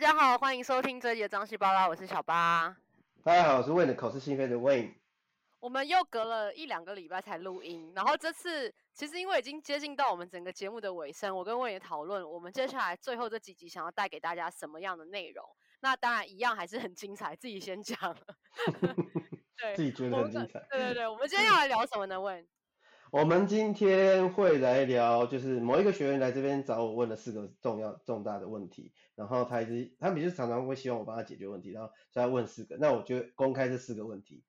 大家好，歡迎收聽這一集《張西八拉》，我是小八。大家好，我是為了口是心非的 Wayne。我們又隔了一兩個禮拜才錄音，然後這次其實因為已經接近到我們整個節目的尾聲，我跟 Wayne 也討論我們接下來最後這幾集想要帶給大家什麼樣的內容。那當然一樣還是很精彩，自己先講。 對， 自己覺得很精彩。對，對對對，我們今天要來聊什麼呢？Wayne。 我們今天會來聊，就是某一個學員來這邊找我問了四個重要、重大的問題，然後他一直，他也就是常常會希望我幫他解決問題，然後就要問四個，那我就公開這四個問題，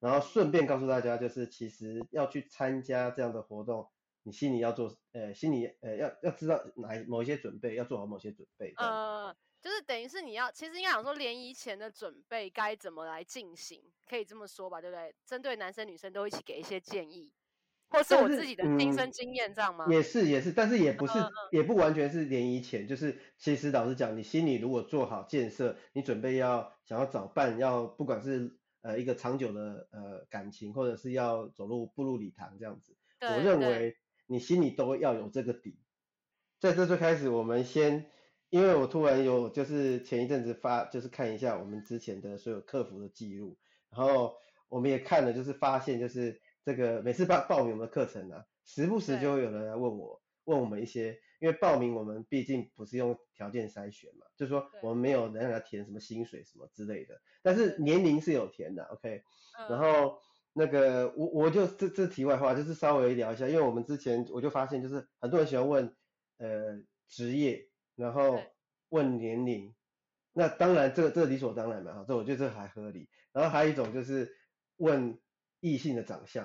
然後順便告訴大家，就是其實要去參加這樣的活動，你心裡要做，呃，心裡呃要要知道哪一某一些準備要做好某些準備，呃，就是等於是你要，其實應該講說聯誼前的準備該怎麼來進行，可以這麼說吧，對不對？針對男生女生都一起給一些建議。或是我自己的親身經驗，這樣嗎？是嗯、也是也是，但是也不是，呵呵，也不完全是聯誼前，就是其實老實講，你心裡如果做好建設，你準備要想要找伴，要不管是呃一個長久的呃感情，或者是要走入步入禮堂這樣子，我認為你心裡都要有這個底。在這最開始，我們先，因為我突然有就是前一陣子發，就是看一下我們之前的所有客服的記錄，然後我們也看了，就是發現就是。這個每次報報名我們的課程呢、啊，時不時就會有人來問我問我們一些，因為報名我們畢竟不是用條件篩選嘛，就是說我們沒有能讓他填什麼薪水什麼之類的，但是年齡是有填的，OK。然後那個我我就這這題外話就是稍微聊一下，因為我們之前我就發現就是很多人喜歡問呃職業，然後問年齡，那當然這這理所當然蠻好，這我覺得這還合理。然後還有一種就是問。異性的長相，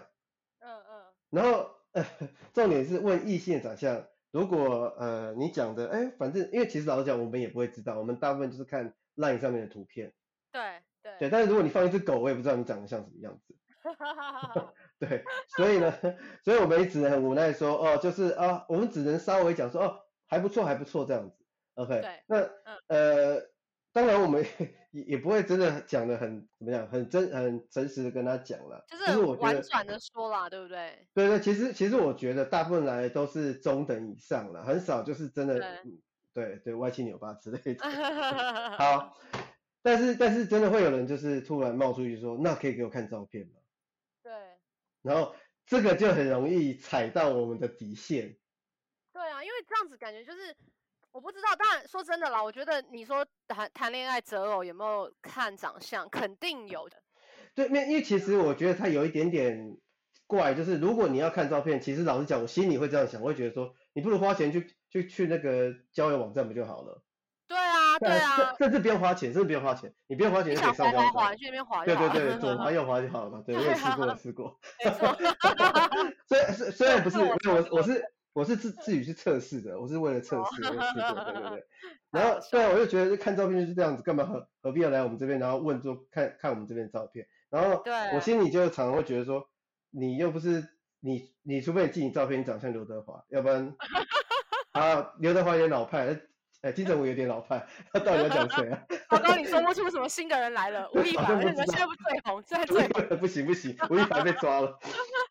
嗯嗯，然後，呃、重點是問異性的長相。如果呃你講的，哎，反正因為其實老實講，我們也不會知道，我們大部分就是看 LINE 上面的圖片。對對,對。但是如果你放一只狗，我也不知道你長得像什麼樣子。哈哈哈！對, 對，所以呢，所以我們一直很無奈說，哦，就是啊、哦，我們只能稍微講說，哦，還不錯，還不錯這樣子。OK。對。那、嗯、呃，當然我們。也也不會真的講的很怎麼樣，很真很誠實的跟他講了，就是婉轉的說啦、嗯，對不對？對對，其實其實我覺得大部分人來都是中等以上啦，很少就是真的，對、嗯、對歪七扭八之類的。 好，但是但是真的會有人就是突然冒出去說，那可以給我看照片嗎？對，然後這個就很容易踩到我們的底線。對啊，因為這樣子感覺就是。我不知道，但說真的啦，我覺得你說談談戀愛擇偶有沒有看長相，肯定有的。對，那因為其實我覺得他有一點點怪，就是如果你要看照片，其實老實講，我心裡會這樣想，我會覺得說你不如花錢去去去那個交友網站不就好了。對啊，但對啊，這這不用花錢，這是不用花錢，你不用花錢就去上網滑，去那邊滑，對對對，左滑右滑就好了嘛。 對，我也試過， 試過。哈哈哈哈哈。雖 雖 雖然不是，不是我我是。 我是自自己去測試的，我是為了測試， 對對不對？ 然後，對啊，我就覺得看照片就是這樣子，幹嘛何何必要來我們這邊，然後問說看看我們這邊照片？然後，對，我心裡就常常會覺得說，你又不是你，你除非你寄你照片，你長像劉德華，要不然 啊，劉德華也老派，哎、欸，金城武有點老派，他到底要講誰啊？剛 剛你說不出什麼新的人來了，吳亦凡，你 們現在不最紅 現在最紅不行 不行，吳亦凡被抓了，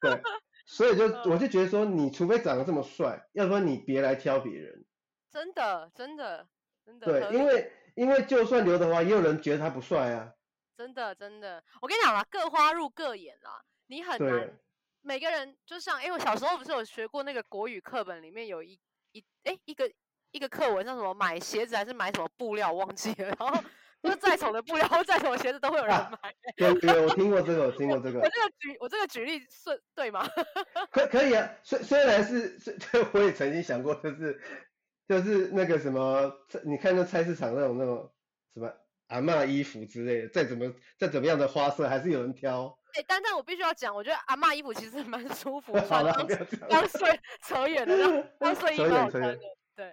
對。所以就我就覺得說，你除非長得這麼帥，要不然你別來挑別人。真的真的真的。對，因為因為就算劉德華，也有人覺得他不帥啊。真的真的，我跟你講啦，各花入各眼啦，你很難。每個人就像，想，哎，我小時候不是有學過那個國語課本裡面有一一哎、欸、一個一個課文，叫什麼買鞋子還是買什麼布料忘記了，然後。 就是再醜的布料，再醜的鞋子，都會有人買、欸啊。對對，我聽過這個，我聽過這個 我。我這個舉，我這個舉例是對嗎？ 可以可以啊，雖雖然是，雖我也曾經想過，就是就是那個什麼，你看那菜市場那種那種什麼阿嬤衣服之類的，再怎麼再怎麼樣的花色，還是有人挑。對、哎，但但我必須要講，我覺得阿嬤衣服其實蠻舒服的。啊、好了，我要扯扯遠了，要鬆衣服。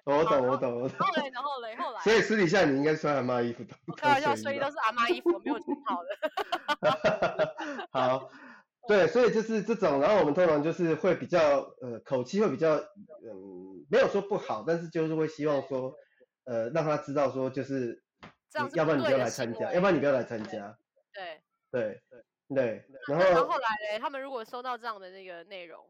我懂，我懂，我懂。後來。對，然後嘞，後來。所以私底下你應該穿阿媽衣服的。對啊，所以都是阿媽衣服， 沒有穿好的。 好，對，所以就是這種，然後我們通常就是會比較，呃，口氣會比較，嗯，沒有說不好，但是就是會希望說，對對對對，呃，讓他知道說就是，不你要不然你不要來參加對對對對，要不然你不要來參加對對對對。對。對對對。然後。然後嘞，他們如果收到這樣的那個內容。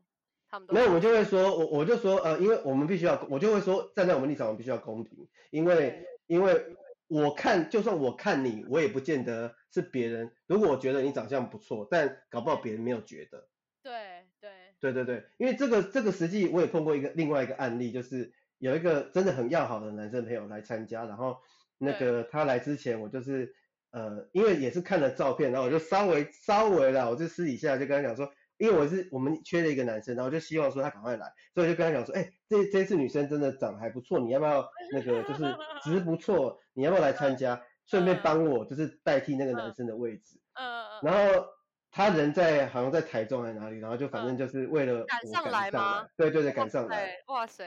好，那我們就會說，我我就說，呃，因為我們必須要，我就會說，站在我們立場，我們必須要公平，因為因為我看，就算我看你，我也不見得是別人。如果我覺得你長相不錯，但搞不好別人沒有覺得。對對對對對，因為這個這個實際，我也碰過一個另外一個案例，就是有一個真的很要好的男生朋友來參加，然後那個他來之前，我就是呃，因為也是看了照片，然後我就稍微稍微啦，我就私底下就跟他講說。因為我是我們缺了一個男生，然後就希望說他趕快來，所以就跟他講說，哎、欸，這這次女生真的長得還不錯，你要不要那個就是值不錯， 你要不要來參加， 順便幫我就是代替那個男生的位置。嗯嗯嗯。然後他人在好像在台中還是哪裡，然後就反正就是為了我趕上來嗎？ 對對對，趕上來。哇塞！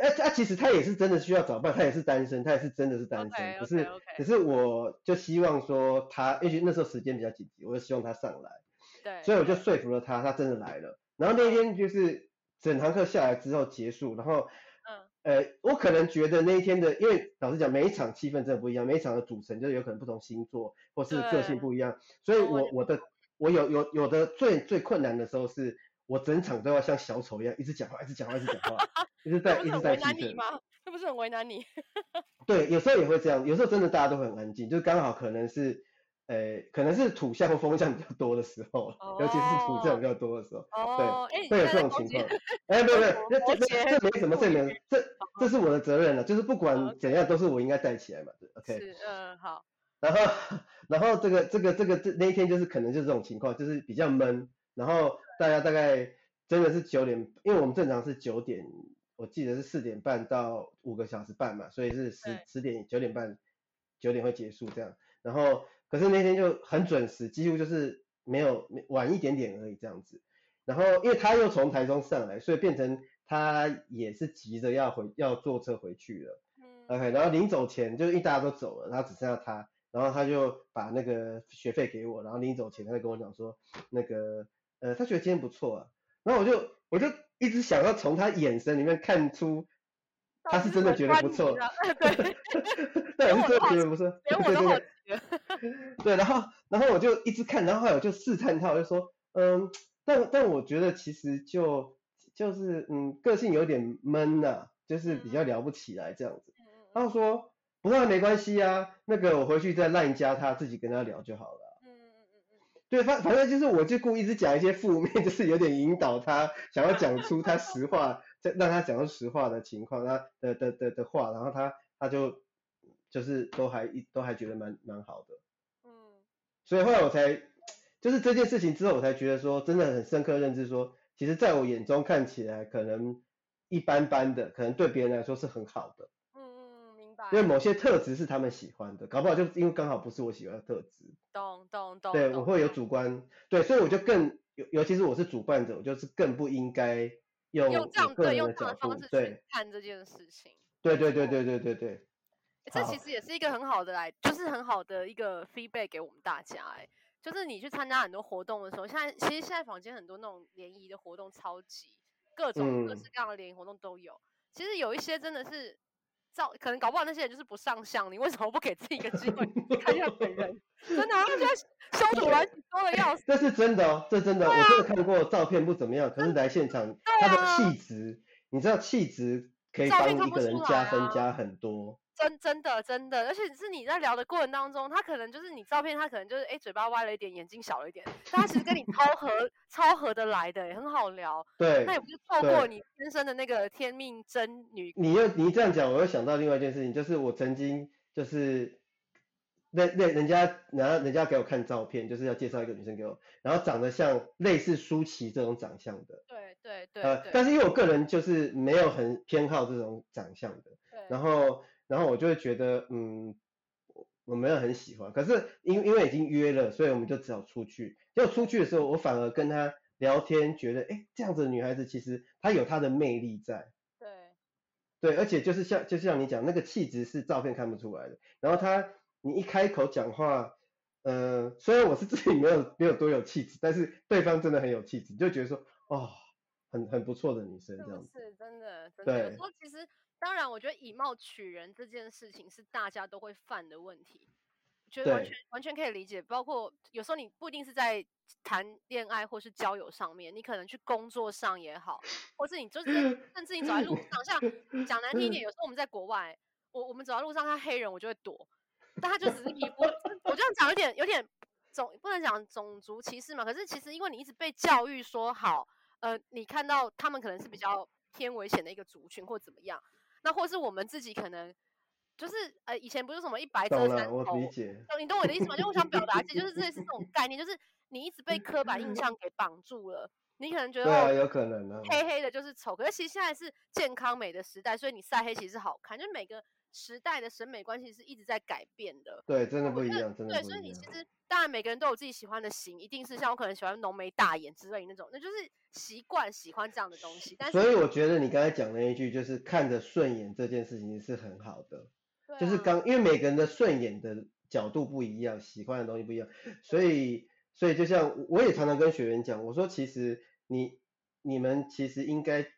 哎哎，其實他也是真的需要找伴，他也是單身，他也是真的是單身， 可是， 可是我就希望說他，也許那時候時間比較緊急，我就希望他上來。對，所以我就說服了他，他真的來了。然後那天就是整堂課下來之後結束，然後，嗯，呃，我可能覺得那一天的，因為老實講，每一場氣氛真的不一樣，每一場的組成就是有可能不同星座或是個性不一樣，所以我我的我有有有的最最困難的時候是我整場都要像小丑一樣一直講話，一直講話，一直講話， 一直在一直在氣。 這不是很為難你嗎？是不是很為難你？對，有時候也會這樣，有時候真的大家都很安靜，就剛好可能是。誒，可能是土象風象比較多的時候，oh, 尤其是土象比較多的時候，oh. 對，會有這種情況。哎，沒有沒有，這這這沒什麼這沒什麼，這這是我的責任了啊，oh. 就是不管怎樣都是我應該帶起來嘛，OK 是。Okay. 是，嗯，好。然後，然後這個這個這個這那一天就是可能就是這種情況，就是比較悶。然後大家大概真的是九點，因為我們正常是九點，我記得是四點半到五個小時半嘛，所以是十十點九點半九點會結束這樣。然後。可是那天就很準時，幾乎就是沒有晚一點點而已這樣子。然後因為他又從台中上來，所以變成他也是急着要回要坐車回去了。嗯。OK，然後臨走前就一大家都走了，然後只剩下他，然後他就把那個學費給我，然後臨走前他就跟我講說，那個呃他覺得今天不錯啊。然後我就我就一直想要從他眼神裡面看出，他是真的覺得不錯。是啊、對，我哈對，我真的覺得不錯。對對 對。對對 對，然後然後我就一直看，然後後來我就試探他，我就說，嗯，但但我覺得其實就就是嗯，個性有點悶吶、啊，就是比較聊不起來這樣子。他、嗯、說，不過沒關係啊，那個我回去再 line 加他自己跟他聊就好了、啊。嗯嗯嗯嗯。對，反反正就是我就故意一直講一些負面，就是有點引導他想要講出他實話，讓 讓他講出實話的情況，他的的的的話，然後他他就就是都還一都還覺得蠻蠻好的。所以後來我才，就是這件事情之後，我才覺得說，真的很深刻認知說，其實在我眼中看起來可能一般般的，可能對別人來說是很好的。嗯嗯，明白。因為某些特質是他們喜歡的，搞不好就因為剛好不是我喜歡的特質。懂懂懂，懂。對，我會有主觀，啊、對，所以我就更尤尤其是我是主辦者，我就是更不應該用用這樣個人的角度對，看這件事情。對對對對對對對。這其實也是一個很好的來好好，就是很好的一個 feedback 給我們大家。哎，就是你去參加很多活動的時候，現在其實現在坊間很多那種聯誼的活動，超級各種各式各樣的聯誼活動都有。嗯。其實有一些真的是照，可能搞不好那些人就是不上相，你為什麼不給自己一個機會 看一下本人？真的，啊，他們現在修圖完很多的要死。這是真的哦，這真的，哦啊，我真的看過照片不怎麼樣，可是來現場，啊、他的氣質，啊，你知道氣質可以幫一個人加分加很多。真真的，真的，而且是你在聊的過程當中，他可能就是你照片，他可能就是哎、欸、嘴巴歪了一點，眼睛小了一點，但他其實跟你超合 超合得來的，也很好聊。對，那也不是錯過你天生的那個天命真女。你又你這樣講，我又想到另外一件事情，就是我曾經就是那那人家然後人家給我看照片，就是要介紹一個女生給我，然後長得像類似舒淇這種長相的。對對對。呃對，但是因為我個人就是沒有很偏好這種長相的。對。然後。然後我就會覺得，嗯，我沒有很喜歡，可是因因為已經約了，所以我們就只好出去。要出去的時候，我反而跟他聊天，覺得，哎、欸，這樣子的女孩子其實她有她的魅力在。對。對，而且就是像就像你講，那個氣質是照片看不出來的。然後她，你一開口講話，呃，雖然我是自己沒有沒有多有氣質，但是對方真的很有氣質，就覺得說，哦，很很不錯的女生這樣子，是是真的，真的，對。然後其實當然，我覺得以貌取人這件事情是大家都會犯的問題，我覺得完全完全可以理解。包括有時候你不一定是在談戀愛或是交友上面，你可能去工作上也好，或是你就是甚至你走在路上，像講難聽一點，有時候我們在國外，我我們走在路上，他黑人我就會躲，但他就只是皮膚，我就想講有點有點種不能講種族歧視嘛。可是其實因為你一直被教育說好，呃，你看到他們可能是比較偏危險的一個族群或怎麼樣。那或是我們自己可能，就是呃，以前不是什麼一白遮三醜，嗯啊，我理解。你懂我的意思嗎？就我想表達，就是這是這種概念，就是你一直被刻板印象給綁住了，你可能覺得對啊，有可能啊，黑黑的就是醜。啊啊，可是其實現在是健康美的時代，所以你曬黑其實是好看，就每個。時代的審美關係是一直在改變的，對，真的不一樣，真的對，真的不一樣。所以你其實當然每個人都有自己喜歡的型，一定是像我可能喜歡濃眉大眼之類的那種，那就是習慣喜歡這樣的東西。但是所以我覺得你剛才講的那一句就是看着順眼這件事情是很好的，啊、就是剛因為每個人的順眼的角度不一樣，喜歡的東西不一樣，所以所以就像我也常常跟學員講，我說其實你你們其實應該。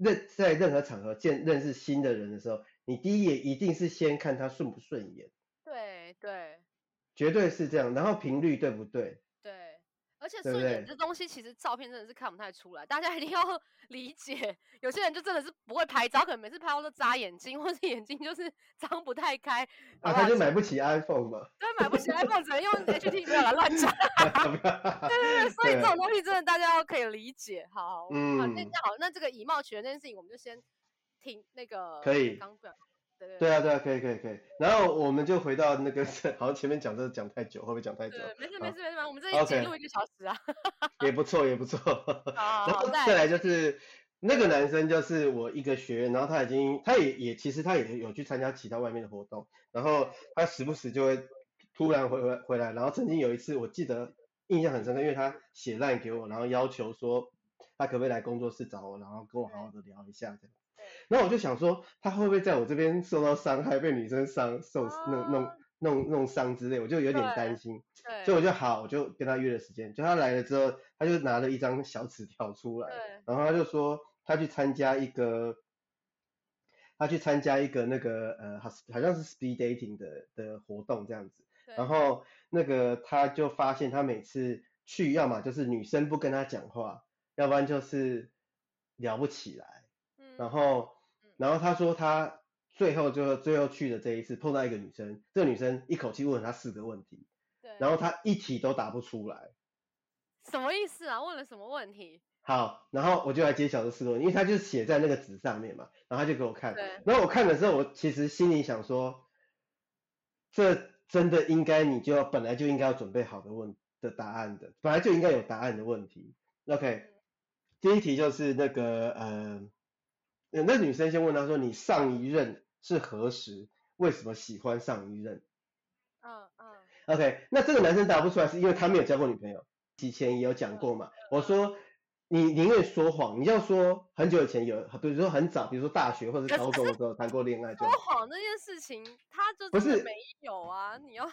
任在任何場合見認識新的人的時候，你第一眼一定是先看他順不順眼。對對，絕對是這樣，然後頻率對不對？而且素顏這東西，其實照片真的是看不太出來對對。大家一定要理解，有些人就真的是不會拍照，可能每次拍照都眨眼睛，或者眼睛就是張不太開，啊，好好他就買不起 iPhone 嘛，對，買不起 iPhone 只能用 HTC 來亂加。 對，對對對，所以這種東西真的大家要可以理解。好，好、嗯，好，那好，那這個以貌取人這件事情，我們就先聽那個，可以，剛對啊，對啊，可以，可以，可以。然後我們就回到那個，好像前面講這個講太久，會不會講太久沒？沒事，沒事，沒事。我們這一集錄一個小時啊。Okay. 也不錯，也不錯。 然後再來就是好好好，那，那，那個男生，就是我一個學員，然後他已經，他也也，其實他也有去參加其他外面的活動，然後他時不時就會突然回回回來。然後曾經有一次，我記得印象很深刻，因為他寫 LINE 給我，然後要求說他可不可以來工作室找我，然後跟我好好的聊一下這樣。然後我就想說，他會不會在我這邊受到傷害，被女生傷、受弄、弄、弄、弄傷之類？我就有點擔心，所以我就好，我就跟他約了時間。就他來了之後，他就拿了一張小紙條出來，然後他就說，他去參加一個，他去參加一個那個呃，好好像是 speed dating 的的活動這樣子。然後那個他就發現，他每次去，要麼就是女生不跟他講話，要不然就是聊不起來。嗯，然後。然後他說他最後就最後去的這一次碰到一個女生，這個女生一口氣問了他四個問題，對，然後他一題都答不出來，什麼意思啊？問了什麼問題？好，然後我就來揭曉這四個問題，因為他就寫在那個紙上面嘛，然後他就給我看，對，然後我看的時候，我其實心裡想說，這真的應該你就要本來就應該要準備好的問的答案的，本來就應該有答案的問題。OK，第一題就是那個嗯。呃那女生先問他說：“你上一任是何時？為什麼喜歡上一任？”嗯嗯，OK。那這個男生答不出來，是因為他沒有交過女朋友。以前也有講過嘛，嗯嗯，我說，你寧願說謊，你要說很久以前有，比如說很早，比如說大學或者高中的時候談過戀愛。說謊這件事情，他就是沒有啊，你要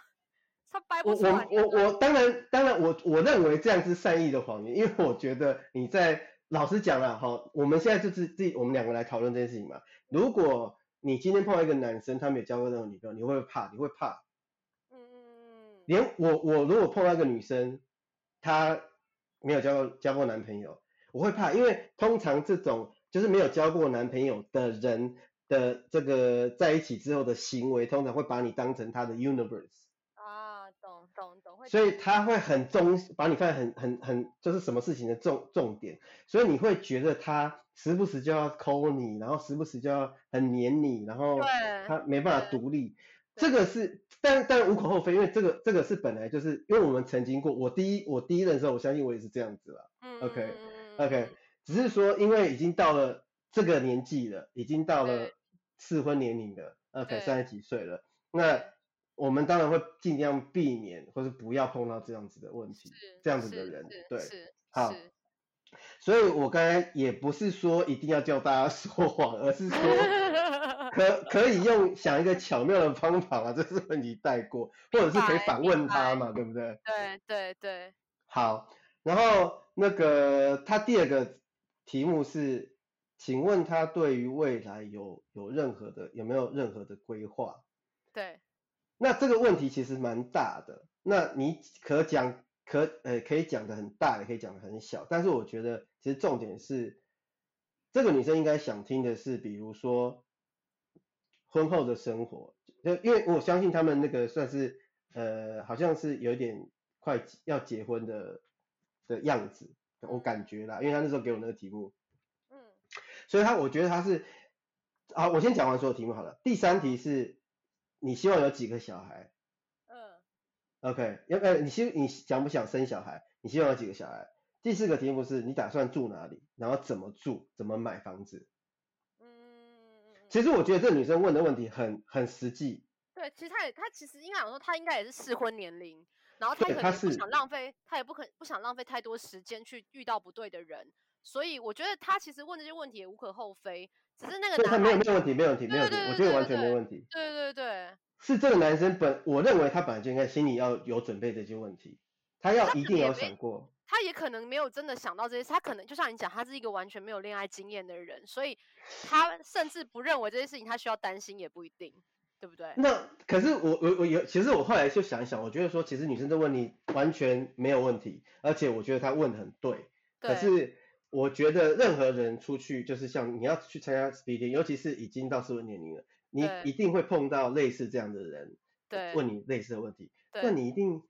他掰不出來。我我我當然當然，當然我我認為這樣是善意的謊言，因為我覺得你在。老實講了、啊、哈，我們現在就是自己我們兩個來討論這件事情嘛。如果你今天碰到一個男生，他沒有交過這種女朋友，你會不會怕？你會怕？嗯嗯嗯。連我我，如果碰到一個女生，她沒有交過交過男朋友，我會怕，因為通常這種就是沒有交過男朋友的人的這個在一起之後的行為，通常會把你當成他的 universe。所以他會很重，把你放在很很很，就是什麼事情的重重點。所以你會覺得他時不時就要摳你，然後時不時就要很黏你，然後他沒辦法獨立。這個是，但但無可厚非，因為這個這個是本來就是，因為我們曾經過我第一我第一任的時候，我相信我也是這樣子了。嗯，OK，OK，、okay, okay. 只是說因為已經到了這個年紀了，已經到了適婚年齡了，OK，三十幾歲了，那。我們當然會盡量避免，或是不要碰到這樣子的問題，這樣子的人，是是對，是好是。所以我剛才也不是說一定要叫大家說謊，而是說可 可以用想一個巧妙的方法把、啊、就是問題帶過，或者是可以反問他嘛，對不對？對對對。好，然後那個他第二個題目是，請問他對於未來有有任何的有沒有任何的規劃？對。那這個問題其實蠻大的，那你可講可呃可以講得很大，也可以講得很小，但是我覺得其實重點是這個女生應該想聽的是，比如說婚後的生活，就因為我相信他們那個算是呃好像是有點快要結婚的的樣子，我感覺啦，因為他那時候給我那個題目，嗯，所以他我覺得他是，好，我先講完所有題目好了，第三題是。你希望有幾個小孩？嗯 OK 要，呃，okay。欸，你希你想不想生小孩？你希望有幾個小孩？第四個題目是，你打算住哪裡？然後怎麼住？怎麼買房子？嗯，其實我覺得這女生問的問題很很實際。對，其實她也她其實應該想說，她應該也是適婚年齡，然後她也不想浪費，她也不肯不想浪費太多時間去遇到不對的人。所以我覺得他其實問這些問題也無可厚非，只是那個男……他沒有沒有問題，沒有問題，沒有問題，我覺得完全沒問題。對對對,對,對。是這個男生本我認為他本來就應該心裡要有準備這些問題，他要一定要想過他。他也可能沒有真的想到這些，他可能就像你講，他是一個完全沒有戀愛經驗的人，所以他甚至不認為這些事情他需要擔心也不一定，對不對？那可是我我我有，其實我後來就想一想，我覺得說其實女生這問題完全沒有問題，而且我覺得他問得很對,對，可是。我覺得任何人出去，就是像你要去參加 speed dating 尤其是已經到適婚年齡了，你一定會碰到類似這樣的人，對，問你類似的問題。對。那你一定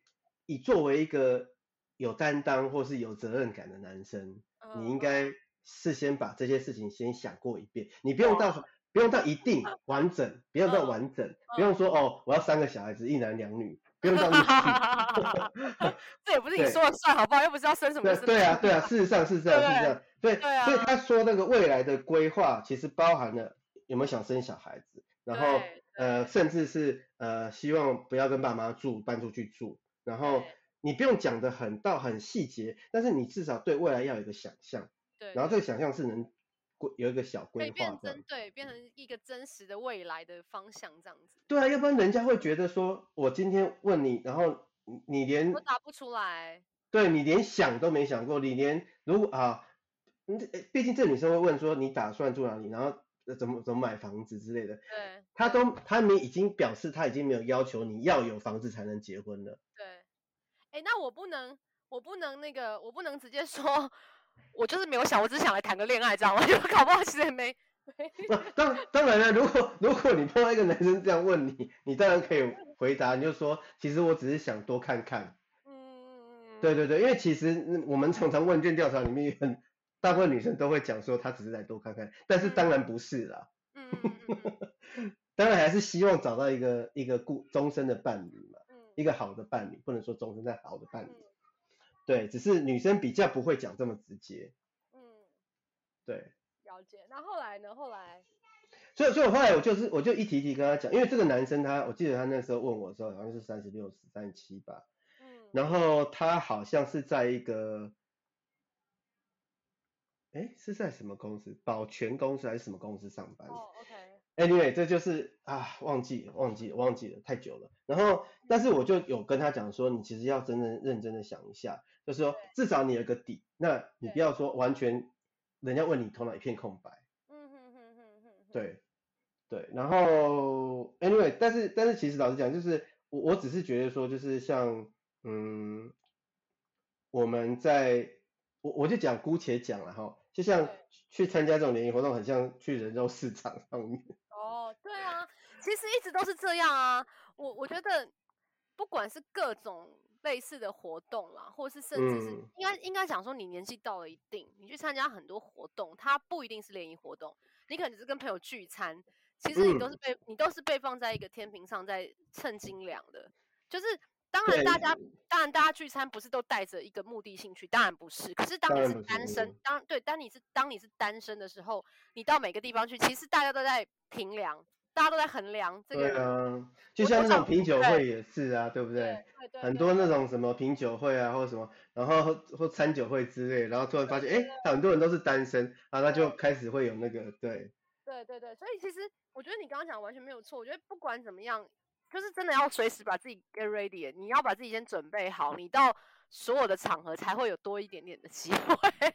以作為一個有擔當或是有責任感的男生，你應該事先把這些事情先想過一遍。你不用到、哦、不用到一定完整、哦，不用到完整，哦、不用說哦，我要三個小孩子，一男兩女。不用這樣子。哈哈哈。這也不是你說了算，好不好？ 又不知道生什麼生，啊。對對啊，對啊，事實上是這樣，是這樣。對，對啊，所以他說那個未來的規劃，其實包含了有沒有想生小孩子，然後呃，甚至是呃，希望不要跟爸媽住，搬出去住。然後你不用講的很到很細節，但是你至少對未來要有一個想象。對。然後這個想象是能。有一個小規劃可以變成，對，變成一個真實的未來的方向，這樣子。對啊，要不然人家會覺得說，我今天問你，然後你連我答不出來，對，你連想都沒想過，你連如果啊，你畢竟這女生會問說，你打算住哪裡，然後怎麼怎麼買房子之類的，對，她都她沒已經表示，她已經沒有要求你要有房子才能結婚了。對，哎，那我不能，我不能那個，我不能直接說。我就是沒有想，我只是想來談個戀愛，知道嗎？又搞不好其實也沒。那當、啊、當然了，如果如果你碰到一個男生這樣問你，你當然可以回答，你就說其實我只是想多看看。嗯對對對，因為其實我們常常問卷調查裡面，很大部分女生都會講說她只是來多看看，但是當然不是啦。嗯，嗯，嗯 當然還是希望找到一個一個故終身的伴侶嘛、嗯，一個好的伴侶，不能說終身，但好的伴侶。對，只是女生比較不會講這麼直接。嗯，對，了解。那後來呢？後來，所以，所以我後來我就是，我就一題題跟他講，因為這個男生他，我記得他那時候問我的時候，好像是三十六、三十七吧。嗯。然後他好像是在一個，哎、欸，是在什麼公司？保全公司還是什麼公司上班？哦，OK。Anyway，這就是啊，忘記了，忘記了，忘記了，太久了。然後，但是我就有跟他講說、嗯，你其實要真正認真的想一下。就是說，至少你有個底，那你不要說完全，人家問你，頭腦一片空白。嗯對，對，對，對，然後 anyway，但是但是其實老實講，就是我我只是覺得說，就是像嗯，我們在我我就講姑且講了哈，就像去參加這種聯誼活動，很像去人肉市場上面。 哦，對啊，其實一直都是這樣啊。我我覺得不管是各種，類似的活動啦，或是甚至是、嗯、應該應該講說，你年紀到了一定，你去參加很多活動，它不一定是聯誼活動，你可能只是跟朋友聚餐，其實你都是被、嗯、你都是被放在一個天平上在稱斤兩的。就是當然大家當然大家聚餐不是都帶着一個目的性去，當然不是。可是當你是單身，當，當對當你是當你是單身的時候，你到每個地方去，其實大家都在評量。大家都在衡量這個，對啊，就像那種品酒會也是啊，不對,對不對,對,對,對,對？很多那種什麼品酒會啊，或者什麼，然後或餐酒會之類，然後突然發現，哎，很多人都是單身啊，那就開始會有那個，對。對對對，所以其實我覺得你剛剛講的完全沒有錯。我覺得不管怎麼樣，就是真的要隨時把自己 get ready，你要把自己先準備好，你到。所有的場合才會有多一點點的機會。對啊，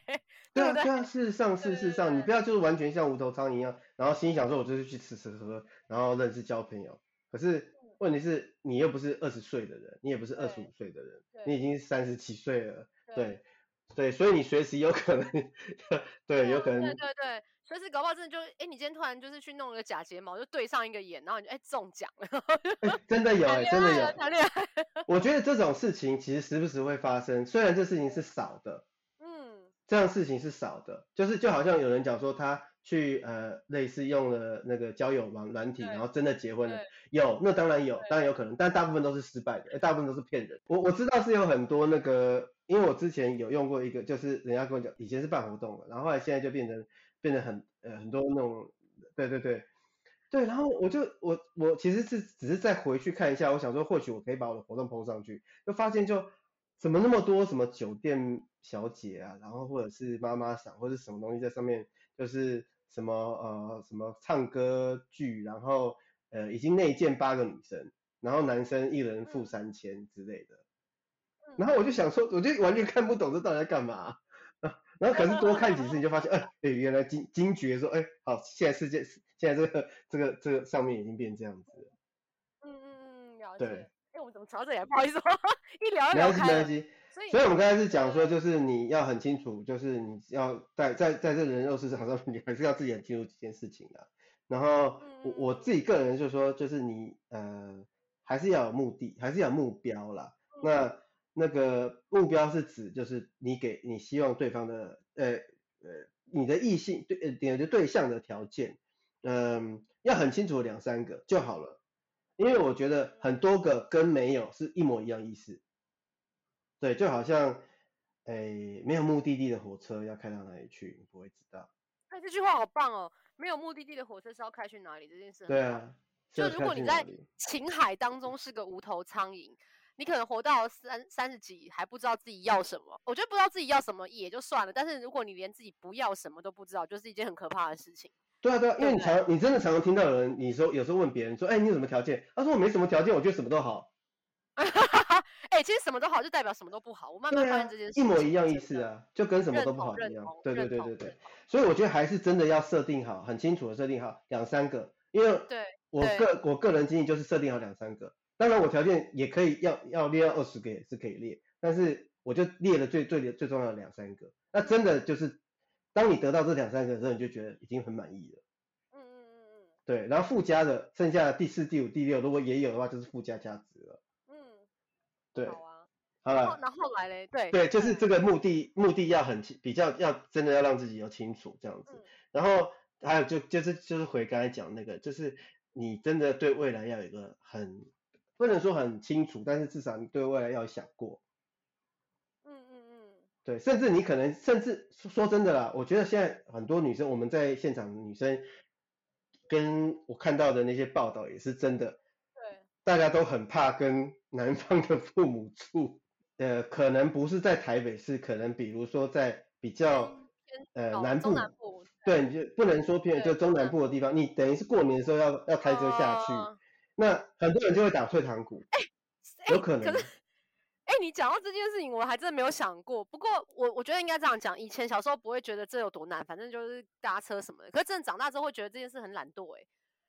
對，不對，對啊，事實上，事實上，你不要就是完全像無頭蒼蠅一樣，然後心想說，我就是去吃吃喝喝，然後認識交朋友。可是問題是你又不是二十歲的人，你也不是二十五歲的人，你已經是三十七歲了。對對，對，所以你隨時有可能， 對，有可能，對對對。對對所以是搞不好真的就，哎、欸，你今天突然就是去弄了個假睫毛，就對上一個眼，然後你就哎、欸、中獎了，欸、欸，了，真的有，真的有談戀愛。我覺得這種事情其實時不時會發生，雖然這事情是少的，嗯，這樣事情是少的，就是就好像有人講說他去呃類似用了那個交友網軟體，然後真的結婚了，有，那當然有，當然有可能，但大部分都是失敗的，大部分都是騙人。我我知道是有很多那個，因為我之前有用過一個，就是人家跟我講以前是辦活動的，然後後來現在就變成。變得很呃很多那種，對對對，對，然後我就我我其實是只是再回去看一下，我想說或許我可以把我的活動捧上去，就發現就怎麼那麼多什麼酒店小姐啊，然後或者是媽媽桑或者是什麼東西在上面，就是什麼呃什麼唱歌劇，然後呃已經內建八個女生，然後男生一人付三千之類的，然後我就想說我就完全看不懂這到底在幹嘛。 然後可是多看幾次你就發現，哎原來驚驚覺說，哎，好，現在世界現在這個這個這個上面已經變這樣子了嗯嗯嗯嗯，對。哎、欸，我們怎麼朝着也不好意思， 一聊兩。沒關係沒關係。所以我們剛才是講說，就是你要很清楚，就是你要在在在這人肉市場上，你還是要自己很清楚幾件事情的、啊。然後我、嗯、我自己個人就說，就是你呃，還是要有目的，還是要有目標啦。嗯、那。那個目標是指，就是你給你希望對方的，呃、欸、呃，你的異性對點的對象的條件，嗯，要很清楚的兩三個就好了，因為我覺得很多個跟沒有是一模一樣意思，對，就好像，誒、欸，沒有目的地的火車要開到哪裡去，你不會知道。哎，這句話好棒哦，沒有目的地的火車是要開去哪裡這件事。對啊是，就如果你在情海當中是個無頭蒼蠅。你可能活到三三十幾還不知道自己要什麼，我覺得不知道自己要什麼也就算了，但是如果你連自己不要什麼都不知道，就是一件很可怕的事情。對啊，對啊，因為你常、啊、你真的常常聽到有人你說，有時候問別人說，哎，你有什麼條件？他說我沒什麼條件，我覺得什麼都好。 哎，其實什麼都好就代表什麼都不好，我慢慢、啊、發現這件事一模一樣意思啊，就跟什麼都不好一樣。對對對對對，對， 所以我覺得還是真的要設定好，很清楚的設定好兩三個，因為我個，對，對，我個，我個人經驗就是設定好兩三個。當然，我條件也可以要要列二十個也是可以列，但是我就列了最最最重要的兩三個。那真的就是，當你得到這兩三個的時候，你就覺得已經很滿意了。嗯嗯嗯嗯。對，然後附加的剩下的第四、第五、第六，如果也有的話，就是附加價值了。嗯，對。好了、啊嗯、然後然後來嘞，對。對，就是這個目的目的要很清比較要真的要讓自己要清楚這樣子。嗯、然後還有就就是就是回剛才講那個，就是你真的對未來要有一個很。不能說很清楚，但是至少你對未來要想過。嗯嗯嗯。對，甚至你可能，甚至說，說真的啦，我覺得現在很多女生，我們在現場的女生，跟我看到的那些報道也是真的。對。大家都很怕跟男方的父母住，呃，可能不是在台北市，可能比如說在比較、嗯、呃南部。中南部。對，對你就不能說偏遠，就中南部的地方，你等於是過年的時候要要開車下去。哦那很多人就會打退堂鼓，哎、欸欸，有可能。可是，哎、欸，你講到這件事情，我還真的沒有想過。不過，我我覺得應該這樣講：以前小時候不會覺得這有多難，反正就是搭車什麼的。可是，真的長大之後會覺得這件事很懶惰、欸。哎，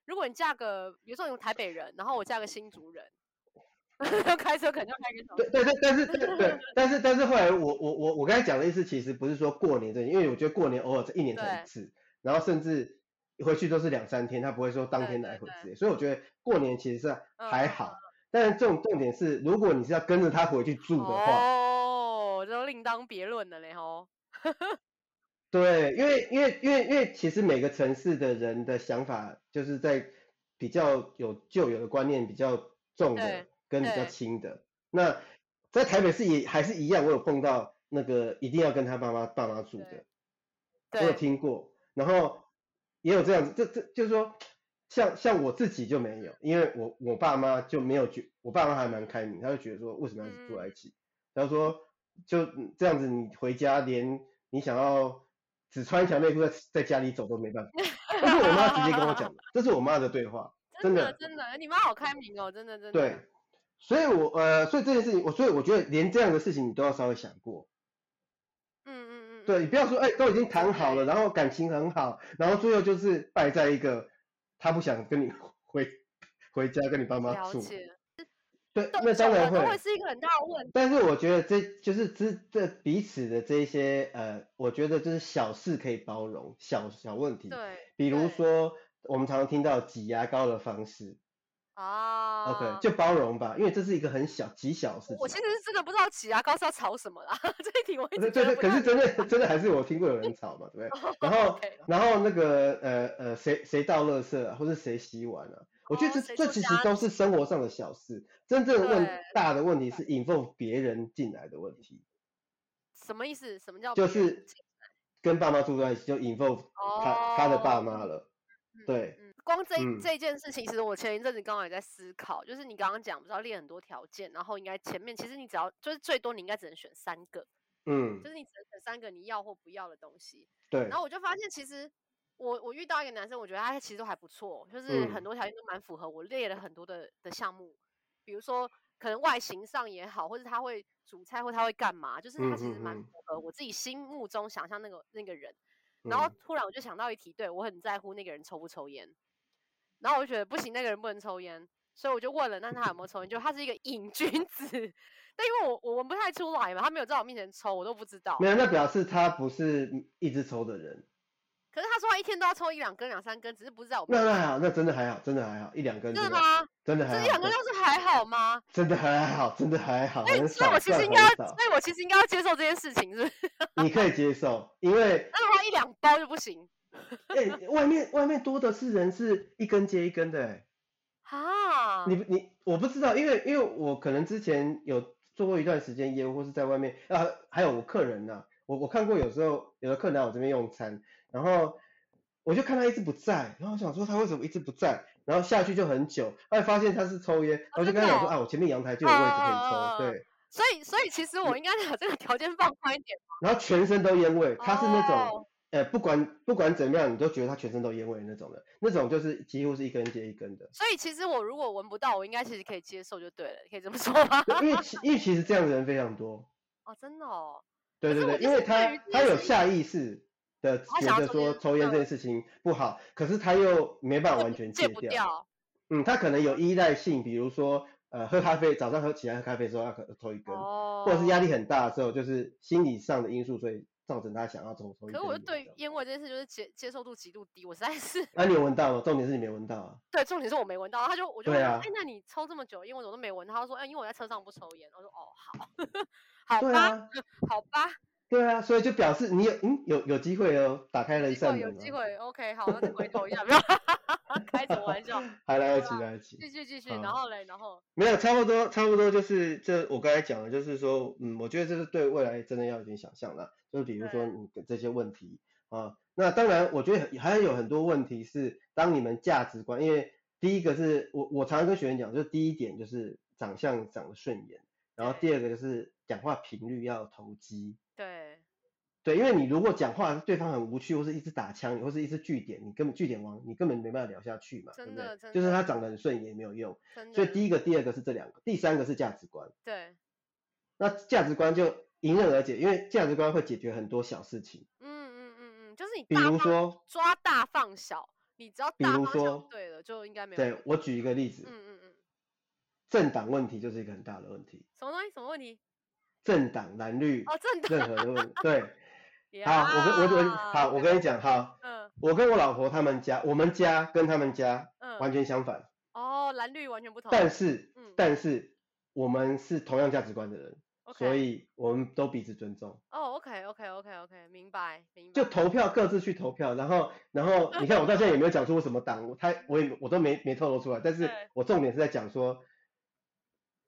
如果你嫁個，比如說你台北人，然後我嫁個新竹人， 開車可能要開個對對，對， 對，對對，但是 對對對對 但是但是後來我我我我剛才講的意思，其實不是說過年，因為我覺得過年偶爾這一年才一次，然後甚至回去都是兩三天，他不會說當天來回去、欸、所以我覺得。過年其實是還好，嗯、但是重、重點是，如果你是要跟着他回去住的話，哦，這就另當別論了嘞吼。對，因為因為因為因為其實每個城市的人的想法，就是在比較有舊有的觀念比較重的，跟比較輕的。那在台北市也還是一樣，我有碰到那個一定要跟他爸媽爸媽住的，我有聽過，然後也有這樣子，這這就、就是說。像像我自己就沒有，因為我我爸媽就沒有覺得，我爸媽還蠻開明，他就覺得說為什麼要住在一起，他說就這樣子，你回家連你想要只穿一條內褲在在家裡走都沒辦法。 但是我媽直接跟我講的，這是我媽的對話， 真的真的，真的，你媽好開明哦，真的真的。對，所以我，我呃，所以這件事情，我所以我覺得連這樣的事情你都要稍微想過，嗯嗯嗯，對你不要說哎、欸、都已經談好了，然後感情很好，然後最後就是敗在一個。他不想跟你回回家，跟你爸媽住，對，那當然會會是一個很大的問題。但是我覺得這就是這這彼此的這一些呃，我覺得就是小事可以包容，小小問題。對，比如說我們常常聽到擠牙膏的方式。啊，OK，就包容吧，因為這是一個很小極小的事情。我其實是真的不知道擠牙膏是要吵什麼啦， 這一題我真真的，可是真的真的 還是我聽過有人吵嘛，對不對？ 然後 然後那個呃呃誰誰倒垃圾、啊、或者誰洗碗啊、哦，我覺得這這其實都是生活上的小事，真正問大的問題是 involve 別人進來的問題。什麼意思？什麼叫？就是跟爸媽住在一起就 involve、哦、他他的爸媽了、嗯，對。光這、嗯、這件事情，其實我前一陣子剛好也在思考，就是你剛剛講，不知道列很多條件，然後應該前面其實你只要就是最多你應該只能選三個，嗯，就是你只能選三個你要或不要的東西。對。然後我就發現，其實我我遇到一個男生，我覺得他其實都還不錯，就是很多條件都蠻符合我列、嗯、了很多的的項目，比如說可能外形上也好，或者他會煮菜或他會幹嘛，就是他其實蠻符合我，嗯嗯嗯我自己心目中想象那個那個人。然後突然我就想到一題對，對我很在乎那個人抽不抽菸。然後我就覺得不行，那個人不能抽煙，所以我就問了，那他有沒有抽煙？ 就他是一個癮君子。但因為我我聞不太出來嘛，他沒有在我面前抽，我都不知道。沒有、啊，那表示他不是一直抽的人。可是他說他一天都要抽一兩根、兩三根，只是不在我。那那還好，那真的還好，真的還好，一兩根真。真的嗎？真的還好。這一兩根要是還好嗎？真的還好，真的還好。那那我其實應該，所以我其實應該要，要接受這件事情，是不是？你可以接受，因為。 那他一兩包就不行。 欸、外面外面多的是人，是一根接一根的、欸，好，你不你我不知道，因為因為我可能之前有做過一段時間煙，或是在外面啊，還有我客人呢、啊，我我看過有時候有的客人來我這邊用餐，然後我就看他一直不在，然後我想說他為什麼一直不在，然後下去就很久，後來發現他是抽煙，我、啊、就跟他講說啊、這個哎，我前面陽台就有位置可以抽，啊、對，所以所以其實我應該把這個條件放寬一點， 然後全身都煙味，他是那種。啊啊欸、不管不管怎麼樣，你都覺得他全身都煙味那種的，那種就是幾乎是一根接一根的。所以其實我如果聞不到，我應該其實可以接受就對了，可以這麼說嗎？因為其因為其實這樣的人非常多哦，真的哦。對對對，就是、因為他他有下意識的覺得說抽煙，抽煙這件事情不好，可是他又沒辦法完全戒，戒不掉。嗯，他可能有依賴性，比如說呃喝咖啡，早上喝起來喝咖啡的時候要抽一根、哦，或者是壓力很大的時候，就是心理上的因素最，所以。造成大家想要抽抽菸，可是我就對於菸味這件事就是接接受度極度低，我實在是、 啊。那你有聞到嗎？重點是你沒聞到。啊。對，重點是我沒聞到。他就我就問，對啊。哎、欸，那你抽這麼久，菸味我都沒聞。他說，哎、欸，因為我在車上不抽菸。我說，哦，好， 好吧，啊、 好吧。對啊，所以就表示你有嗯，有有機會哦，打開了一扇門。有機會，有機會。OK，好，那再回頭一下，不 要 開什麼玩笑。還來得及，來得及。繼續繼續，然後嘞，然後。沒有，差不多差不多就是這我剛才講的就是說，嗯，我覺得這是對未來真的要有一點想象了、啊。就比如說你這些問題啊，那當然我覺得還有很多問題是當你們價值觀，因為第一個是我我常跟學員講，就第一點就是長相長得順眼，然後第二個就是講話頻率要投機。對。對，因為你如果講話對方很無趣，或是一直打槍，或是一直句點，你根本句點王，你根本沒辦法聊下去嘛，對不對？就是他長得很順眼也沒有用。真的。所以第一個、第二個是這兩個，第三個是價值觀。對。那價值觀就。迎刃而解，因為價值觀會解決很多小事情。嗯嗯嗯嗯，就是你比如說抓大放小，你只要比如說對了，就應該沒有。對，我舉一個例子，嗯嗯嗯，政黨問題就是一個很大的問題。什麼東西？什麼問題？政黨藍綠哦，政黨任何的問題。 對、yeah! 好。好，我跟我我好，我跟你講，哈。嗯。我跟我老婆他們家，我們家跟他們家、嗯、完全相反。哦，藍綠完全不同。但是，嗯、但是我們是同樣價值觀的人。Okay. 所以我們都彼此尊重。哦、oh,，OK，OK，OK，OK，、okay, okay, okay, okay. 明白，明白。就投票，各自去投票，然後，然後你看我到現在也沒有講出我什麼黨，他 我也我都沒沒透露出來，但是我重點是在講說，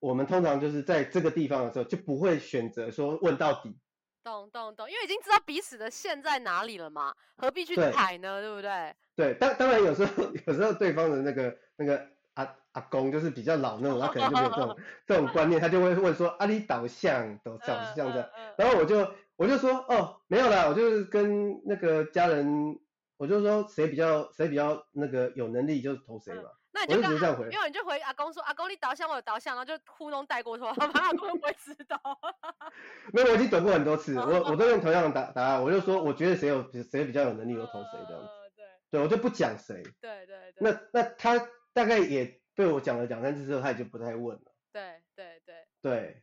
我們通常就是在這個地方的時候就不會選擇說問到底。懂懂懂，因為已經知道彼此的線在哪裡了嘛，何必去踩呢？對，對不對？對，當當然有時候有時候對方的那個那個。阿公就是比較老那種，他可能就沒有這種 這種觀念，他就會問說啊你導向導向是這樣子，然後我就我就說哦沒有啦，我就是跟那個家人，我就說誰比較誰比較那個有能力就投誰嘛， 那你就，我就直接這樣回，因為你就回阿公說阿公你導向我有導向，然後就糊弄帶過頭，好吧，阿公會不會知道？ 沒有，我已經走過很多次，我我都用同樣的答答案，我就說我覺得誰有誰比較有能力我投誰這樣，子、 呃。對，對我就不講誰，對對對，對那，那那他大概也。對我講了兩三次之後，他也就不太問了。對對對對，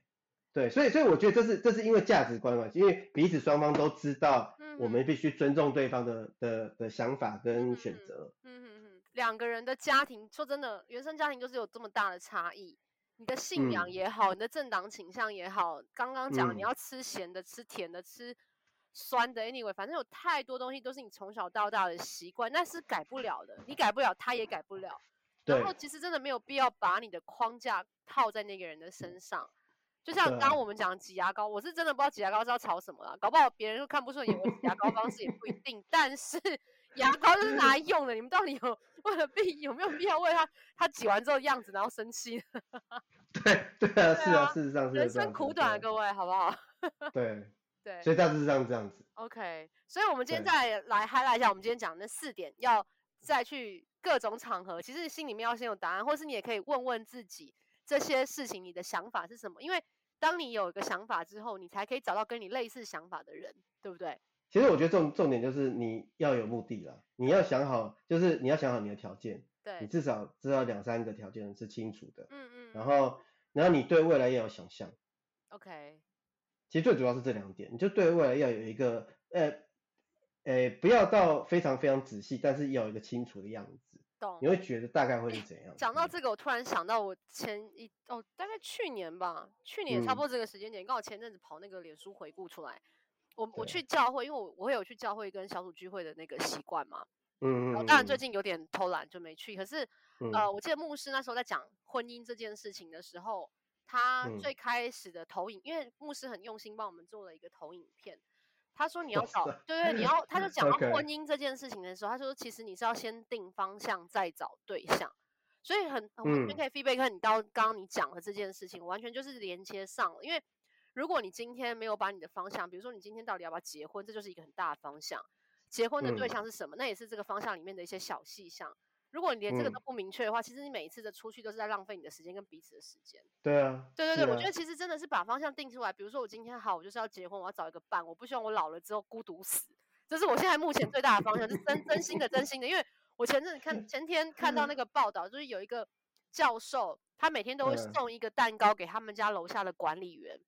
對所以所以我覺得這是這是因為價值觀關係，因為彼此雙方都知道，我們必須尊重對方的、嗯、的的，的想法跟選擇。嗯，哼嗯哼，兩個人的家庭，說真的，原生家庭就是有這麼大的差異。你的信仰也好、嗯，你的政黨傾向也好，剛剛講你要吃鹹的、嗯、吃甜的、吃酸的，anyway，、欸、反正有太多東西都是你從小到大的習慣，那是改不了的，你改不了，他也改不了。然後其實真的沒有必要把你的框架套在那個人的身上，就像剛剛我們講擠牙膏，我是真的不知道擠牙膏是要吵什麼啦，搞不好別人又看不順眼，擠牙膏方式也不一定。 但是牙膏就是拿來用的，你們到底有為了必有沒有必要為他他擠完之後的樣子然後生氣？對對啊，是啊，事實上是這樣，人生苦短了，各位好不好？對 對，所以大致上這樣子。OK，所以我們今天再來,來 highlight 一下，我們今天講的那四點要再去。各種場合，其實你心裡面要先有答案，或是你也可以問問自己這些事情，你的想法是什麼？因為當你有一個想法之後，你才可以找到跟你類似想法的人，對不對？其實我覺得重重點就是你要有目的啦，你要想好，就是你要想好你的條件，對，你至少知道兩三個條件是清楚的，嗯嗯，然後然後你對未來要有想象，OK，其實最主要是這兩點，你就對未來要有一個，呃、欸、哎、欸，不要到非常非常仔細，但是要有一個清楚的樣子。你會覺得大概會是怎樣？講到這個，我突然想到我前一哦，大概去年吧，去年差不多這個時間點，嗯，剛好前陣子跑那個臉書回顧出來，我我去教會，因為我我會有去教會跟小組聚會的那個習慣嘛，嗯嗯，嗯，我當然最近有點偷懶就沒去，可是呃，我記得牧師那時候在講婚姻這件事情的時候，他最開始的投影，嗯，因為牧師很用心幫我們做了一個投影片。他說你要找，對 對，你要，他就講到婚姻這件事情的時候，okay. 他說其實你是要先定方向再找對象，所以很完全可以 feedback 你到剛剛你講的這件事情、嗯，完全就是連接上了。因為如果你今天沒有把你的方向，比如說你今天到底要不要結婚，這就是一個很大的方向，結婚的對象是什麼、嗯，那也是這個方向裡面的一些小細項。如果你連這個都不明確的話，嗯，其實你每一次的出去都是在浪費你的時間跟彼此的時間。對啊，對對對，對啊，我覺得其實真的是把方向定出來。比如說我今天好，我就是要結婚，我要找一個伴，我不希望我老了之後孤獨死。這是我現在目前最大的方向， 是真真心的真心的。因為我前陣子看，前天看到那個報道，就是有一個教授，他每天都會送一個蛋糕給他們家樓下的管理員。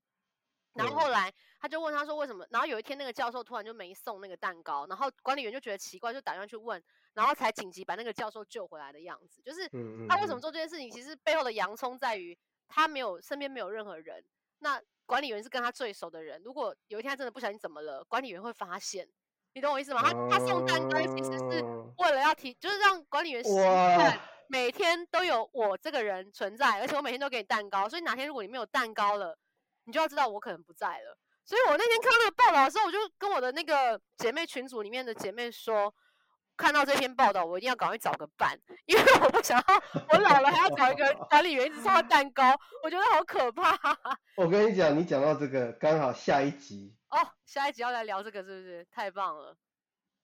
然後後來他就問他說為什麼？然後有一天那個教授突然就沒送那個蛋糕，然後管理員就覺得奇怪，就打算去問，然後才緊急把那個教授救回來的樣子。就是他為什麼做這件事情？其實背後的洋蔥在於他沒有身邊沒有任何人，那管理員是跟他最熟的人。如果有一天他真的不小心怎麼了，管理員會發現，你懂我意思嗎？他他送蛋糕其實是為了要提，就是讓管理員習慣每天都有我這個人存在，而且我每天都給你蛋糕，所以哪天如果你沒有蛋糕了。你就要知道我可能不在了，所以我那天看到那個報道的時候，我就跟我的那個姐妹群組裡面的姐妹說，看到這篇報道，我一定要趕快找個伴，因為我不想要我老了還要找一個管理員一直削蛋糕，我覺得好可怕啊。我跟你講，你講到這個，剛好下一集哦，下一集要來聊這個，是不是？太棒了！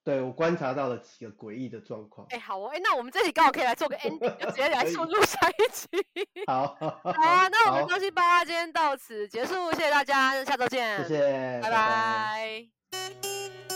對，我觀察到了幾個詭異的狀況。哎、欸，好、哦，哎、欸，那我們這裡剛好可以來做個 ending，就 直接來說錄下一期。好，好 啊，那我們休息吧，今天到此結束，謝謝大家，下周見。謝謝，拜拜。Bye bye